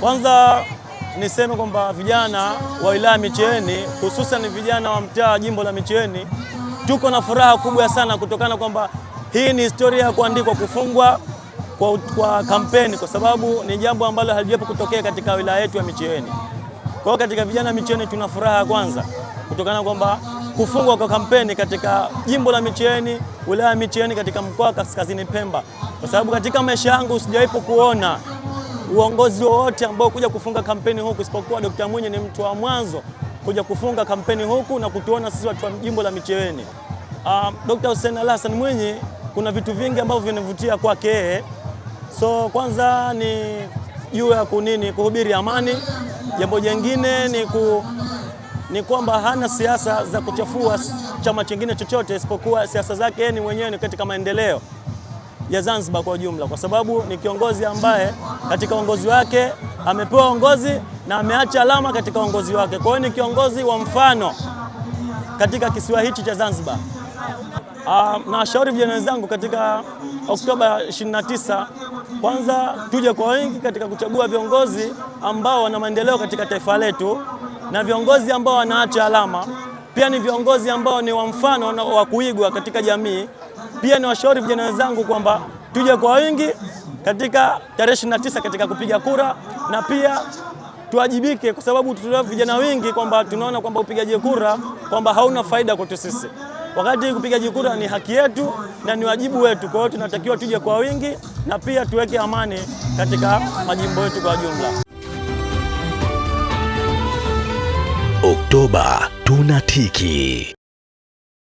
Kwanza niseme kwamba vijana wa wilaya Micheweni, hususan vijana wa mtaa jimbo la Micheweni, tuko na furaha kubwa sana kutokana kwamba hii ni historia ya kuandikwa kufungwa kwa, kwa kampeni kwa sababu ni jambo ambalo halijapo kutokea katika wilaya yetu ya Micheweni. Kwa hiyo katika vijana Micheweni tuna furaha kwanza kutokana kwamba kufungwa kwa kampeni katika jimbo la Micheweni, wilaya ya Micheweni, katika mkoa wa Kaskazini Pemba, kwa sababu katika maisha yangu sijawahi kuona uongozi wowote ambao kuja kufunga kampeni huku, isipokuwa Dkt. Mwinyi ni mtu wa mwanzo kuja kufunga kampeni huku na kutuona sisi watu wa jimbo la Micheweni. Um, ah, Dkt. Hussein Ali Hassan Mwinyi kuna vitu vingi ambavyo vinavutia kwake So kwanza ni juu ya kunini kuhubiri amani. Jambo jingine ni, ku, ni kwamba hana siasa za kuchafua chama chingine chochote isipokuwa siasa zake ni mwenyewe ni katika maendeleo ya Zanzibar kwa ujumla, kwa sababu ni kiongozi ambaye katika uongozi wake amepewa uongozi na ameacha alama katika uongozi wake. Kwa hiyo ni kiongozi wa mfano katika kisiwa hichi cha Zanzibar. Uh, ah, na washauri vijana wenzangu katika Oktoba 29 kwanza tuje kwa wingi katika kuchagua viongozi ambao wana maendeleo katika taifa letu na viongozi ambao wanaacha alama, pia ni viongozi ambao ni wa mfano wa kuigwa katika jamii, pia niwashauri vijana wenzangu kwamba tuje kwa wingi katika tarehe 29 katika kupiga kura, na pia tuwajibike, kwa sababu tuna vijana wengi kwamba tunaona kwamba upigaji kura kwamba hauna faida kwetu sisi, wakati kupigaji kura ni haki yetu na ni wajibu wetu. Kwa hiyo tunatakiwa tuje kwa wingi na pia tuweke amani katika majimbo yetu kwa jumla. Oktoba tunatiki.